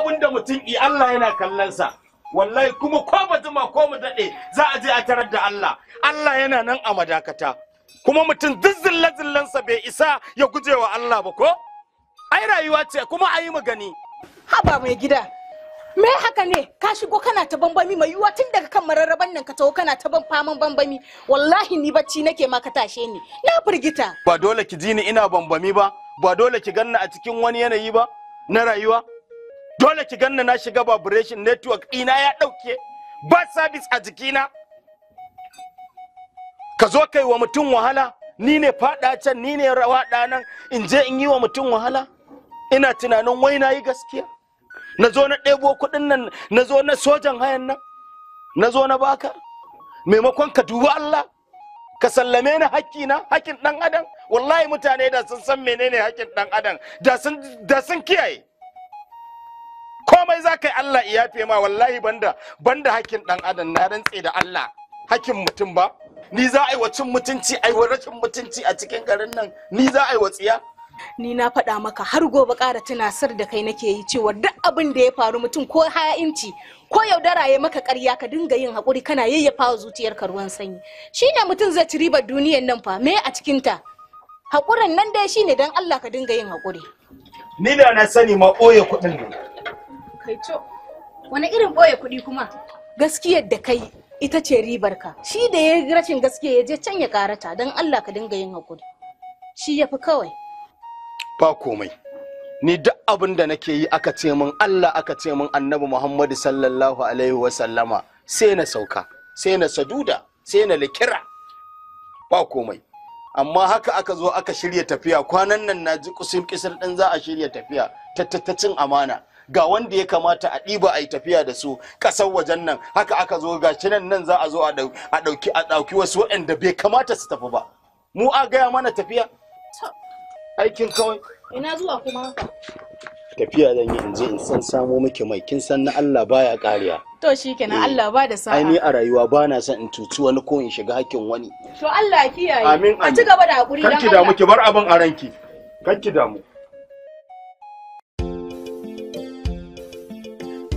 abin da mutum i Allah yana kallon sa wallahi kuma ko mu jima ko mu dade za a je a tarar da Allah Allah yana nan a madakata kuma mutum duk zillan sa bai isa ya guje wa Allah ba ko ai rayuwa ce kuma ayi mu gani haba mai gida me haka ne ka shigo kana ta bambami mai yiwuwa tun daga kan mararraban nan ka taho kana ta ban faman bambami wallahi ni bacci nake ma ka tashe ni na firgita ba dole ki ji ni ina bambami ba ba dole ki ganna a cikin wani yanayi ba na rayuwa dole ki ganna na shiga vibration network ina ya dauke? ba service a jikina ka zo kai wa mutum wahala ni ne fada can ni ne rawa danan in je in yi wa mutum wahala ina tunanin wai na yi gaskiya na zo na ɗebo kuɗin nan na zo na sojan hayan nan na zo na baka maimakon ka dubi Allah ka sallame ni hakkina hakkin dan adam wallahi mutane da sun san menene hakkin dan adam da sun kiyaye komai za ka yi Allah ya yafe ma wallahi banda banda hakkin dan adam na rantse da Allah hakkin mutum ba ni za a yi wa mutunci a yi wa rashin mutunci a cikin garin nan ni za a yi wa ni na faɗa maka har gobe ƙara tunasar da kai nake yi cewa duk abin da ya faru mutum ko ha'inci ko yaudara ya maka ƙarya ka dinga yin haƙuri kana yayyafa wa zuciyarka ruwan sanyi shine mutum zai ci ribar duniyar nan fa me a cikin ta haƙurin nan dai shine dan Allah ka dinga yin hakuri ni da na sani ma ɓoye kuɗin nan kai wani irin ɓoye kuɗi kuma gaskiyar da kai ita ce ribar ka shi da ya rashin gaskiya ya je can ya karata don Allah ka dinga yin hakuri shi ya fi kawai ba komai ni duk abin da nake yi aka ce min Allah aka ce min annabi Muhammadu sallallahu alaihi wa sallama sai na sauka sai na saduda sai na likira ba komai amma haka aka zo aka shirya tafiya kwanan nan na ji kusur kisir din za a shirya tafiya ta cin amana ga wanda ya kamata a ɗiba a yi tafiya da su ƙasar wajen nan haka aka zo ga shi nan nan za a zo a ɗauki a ɗauki wasu waɗanda bai kamata su tafi ba mu a gaya mana tafiya aikin kawai ina zuwa kuma tafiya zan yi in je in san samo miki mai kin san na Allah baya ƙariya to shikenan eh. Allah ba da sa'a ai ni a rayuwa ba na son in tutu wani ko in shiga hakkin wani to Allah kiyaye a ci gaba da hakuri dan Allah kanki da muke bar abin a ranki kanki da mu